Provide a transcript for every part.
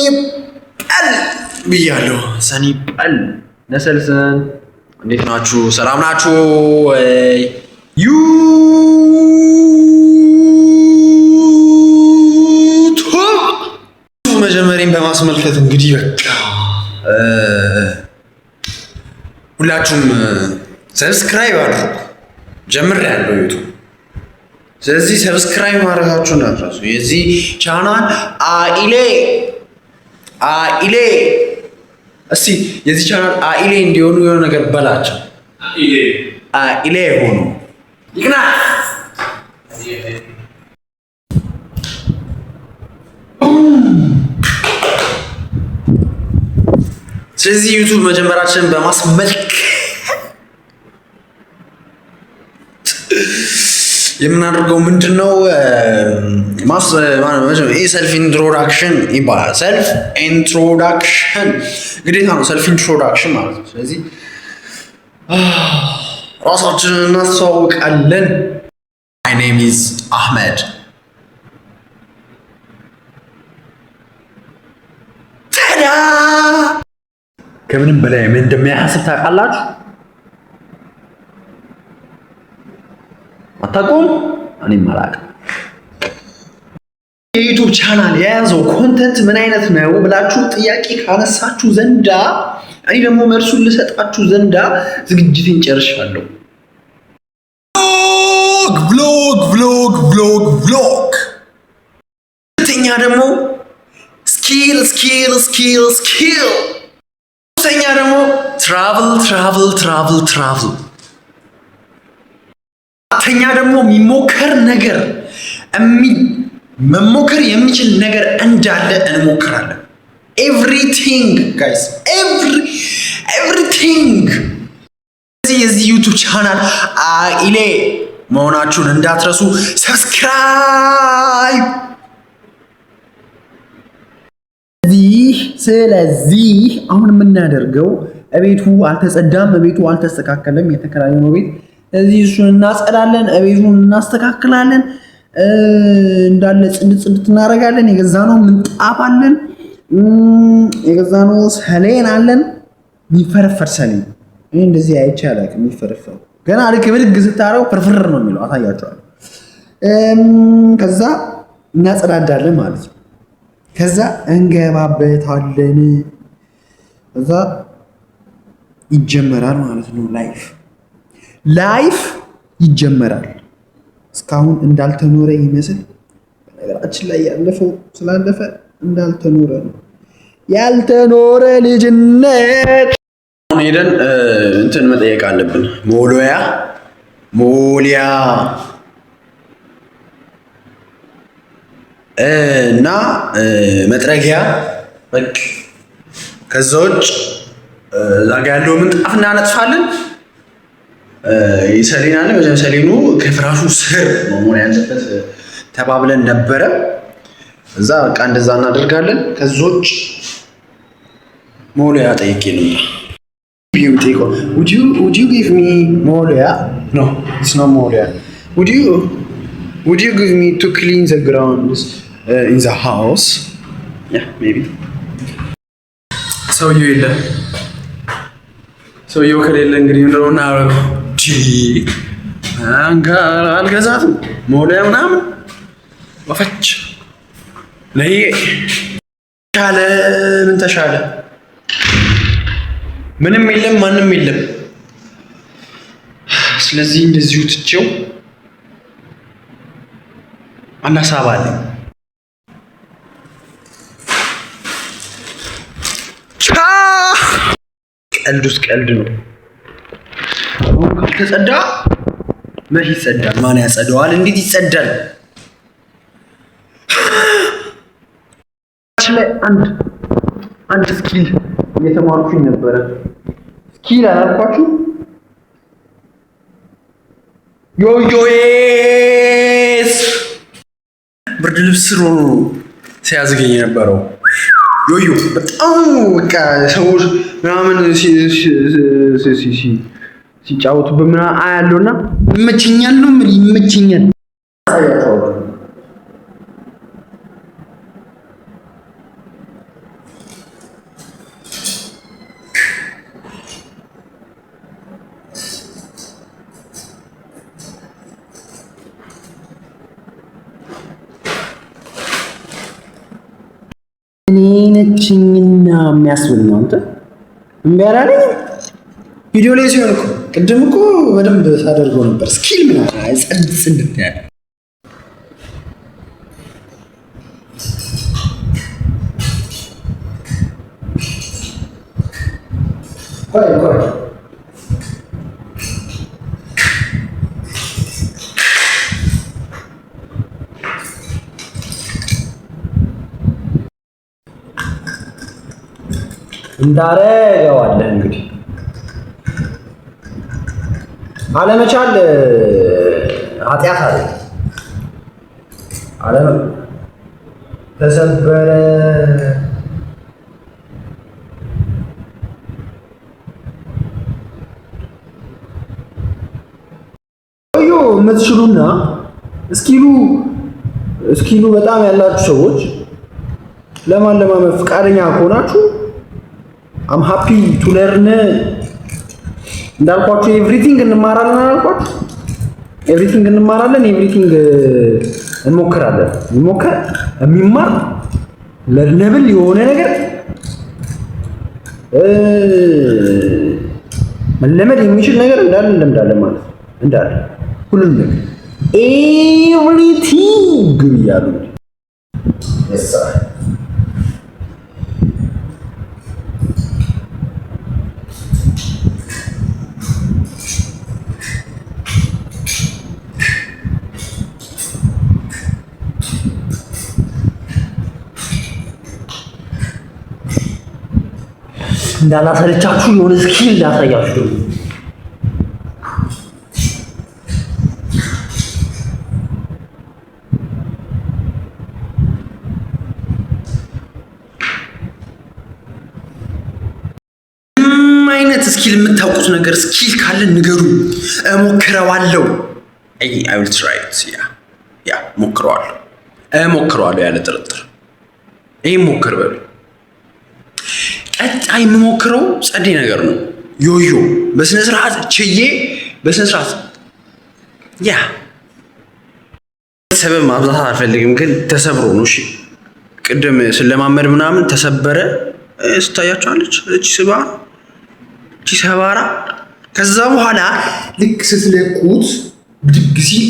ሰኒበል ብያለሁ። ሰኒበል ነሰልሰን እንዴት ናችሁ? ሰላም ናችሁ ወይ? ዩቱብ መጀመሪያን በማስመልከት እንግዲህ በቃ ሁላችሁም ሰብስክራይብ አድርጉ። ጀምር ያለው ዩቱብ ስለዚህ ሰብስክራይብ ማድረጋችሁን አትርሱ። የዚህ ቻናል አኢሌ አኢሌ እስቲ የዚህ ቻናል አኢሌ እንዲሆኑ የሆነ ነገር በላቸው። አኢሌ የሆኑ ይቅና ስለዚህ ዩቱብ መጀመራችንን በማስመልክ የምናደርገው ምንድን ነው? ይህ ሰልፍ ኢንትሮዳክሽን ይባላል። ሰልፍ ኢንትሮዳክሽን ግዴታ ነው። ሰልፍ ኢንትሮዳክሽን ማለት ነው። ስለዚህ ራሳችንን እናስተዋውቃለን። ማይ ኔም ኢዝ አህመድ ከምንም በላይ ምን እንደሚያሳስብ ታውቃላችሁ? አታውቁም? እኔም አላውቅም። የዩቱብ ቻናል የያዘው ኮንተንት ምን አይነት ነው ብላችሁ ጥያቄ ካነሳችሁ ዘንዳ እኔ ደግሞ መልሱን ልሰጣችሁ ዘንዳ ዝግጅትን ጨርሻለሁ። ቭሎግ ቭሎግ ቭሎግ ቭሎግ ሁለተኛ ደግሞ ስኪል ስኪል ስኪል ስኪል ሶስተኛ ደግሞ ትራቭል ትራቭል ትራቭል ትራቭል አራተኛ ደግሞ የሚሞከር ነገር መሞከር የሚችል ነገር እንዳለ እንሞክራለን። ኤቭሪቲንግ ጋይስ ኤቭሪቲንግ። ስለዚህ የዚህ ዩቱብ ቻናል አኢሌ መሆናችሁን እንዳትረሱ ሰብስክራይብ። ስለዚህ አሁን የምናደርገው እቤቱ አልተጸዳም፣ እቤቱ አልተስተካከለም፣ ነው ቤት እዚህ እሱን እናጸዳለን፣ እቤቱን እናስተካክላለን፣ እንዳለ ጽድት ጽድት እናደርጋለን። የገዛ ነው ምንጣፍ አለን፣ የገዛ ነው ሰሌን አለን። የሚፈረፈር ሰሌን ይህ እንደዚህ አይቼ አላውቅም። ገና ልክ ብድግ ስታረው ፍርፍር ነው የሚለው አሳያቸዋለሁ። ከዛ እናጸዳዳለን ማለት ነው። ከዛ እንገባበታለን። ከዛ ይጀመራል ማለት ነው ላይፍ ላይፍ ይጀመራል። እስካሁን እንዳልተኖረ ይመስል በነገራችን ላይ ያለፈው ስላለፈ እንዳልተኖረ ነው። ያልተኖረ ልጅነት አሁን ሄደን እንትን መጠየቅ አለብን። ሞሎያ ሞሊያ እና መጥረጊያ በቃ ከዛ ውጭ እዛ ጋ ያለው ምንጣፍ እናነጥፋለን። ሰሌን አለ። በዚያ ሰሌኑ ከፍራሹ ስር መሆን ያለበት ተባብለን ነበረ። እዛ በቃ እንደዛ እናደርጋለን። ከዞች ሞሎያ ጠይቄ ነው መውለያ ውድ ዩ ጊቭ ሚ ቱ ክሊን ዘ ግራውንድ ኢን ዘ ሃውስ ሰውየው የለም። ሰውየው ከሌለ እንግዲህ ምንድነው እናደርገው? አንጋር አልገዛትም መውለያ ምናምን ወፈች ለይ ተሻለ ምን ተሻለ ምንም የለም ማንም የለም። ስለዚህ እንደዚሁ ትቼው አንድ ሀሳብ አለ። ቀልዱስ ቀልድ ነው። ካልተጸዳ መቼ ይጸዳል? ማን ያጸደዋል? እንዴት ይጸዳል? ላይ አንድ አንድ ስኪል እየተማርኩኝ ነበረ። ስኪል አላልኳችሁ? ዮዮኤስ ብርድ ልብስ ሮ ሲያዝገኝ የነበረው ዮዮ በጣም በቃ ሰዎች ምናምን ሲጫወቱ ምናምን አያለውና ይመቸኛል ነው ምን ይመቸኛል እኔ የሚያስብል ነው። አንተ እምቢ አላለኝ ቪዲዮ ላይ ሲሆን እኮ ቅድም እኮ በደንብ ሳደርገው ነበር። ስኪል ምን ጸድጽ እንድትያለ እንዳረገዋለህ እንግዲህ አለመቻል ኃጢአት አለ አለ ተሰበረ ዩ የምትችሉና እስኪሉ እስኪሉ በጣም ያላችሁ ሰዎች ለማን ለማለማመድ ፈቃደኛ ከሆናችሁ አም ሃፒ ቱ ለርን እንዳልኳችሁ ኤቭሪቲንግ እንማራለን አላልኳችሁ? ኤቭሪቲንግ እንማራለን፣ ኤቭሪቲንግ እንሞክራለን። የሚሞከር የሚማር ለርነብል የሆነ ነገር መለመድ የሚችል ነገር እንዳለ እንደምዳለ ማለት ነው። እንዳለ ሁሉም ነገር ኤቭሪቲንግ ሳ እንዳላሰለቻችሁ የሆነ ስኪል እንዳሳያችሁ ደግሞ አይነት ስኪል የምታውቁት ነገር ስኪል ካለ ንገሩ። እሞክረዋለሁ ሞክረዋለሁ ያለ ጥርጥር ይህም ሞክር በሉ። በቃ የምሞክረው ጸዴ ነገር ነው። ዮዮ በስነ ስርዓት ችዬ በስነ ስርዓት ያ ሰበብ ማብዛት አልፈልግም፣ ግን ተሰብሮ ነው። እሺ ቅድም ስለማመድ ምናምን ተሰበረ ስታያቸዋለች። እቺ ስባራ እቺ ሰባራ። ከዛ በኋላ ልክ ስትለቁት ብድግ ሲል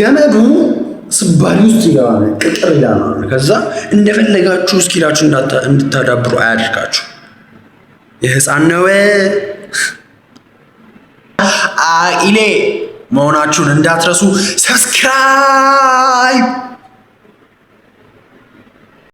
ገመዱ ስባሪ ውስጥ ይገባል፣ ቅጥር ይላል። ከዛ እንደፈለጋችሁ እስኪላችሁ እንድታዳብሩ አያደርጋችሁ። የህፃን ነው አኢሌ መሆናችሁን እንዳትረሱ ሰብስክራይብ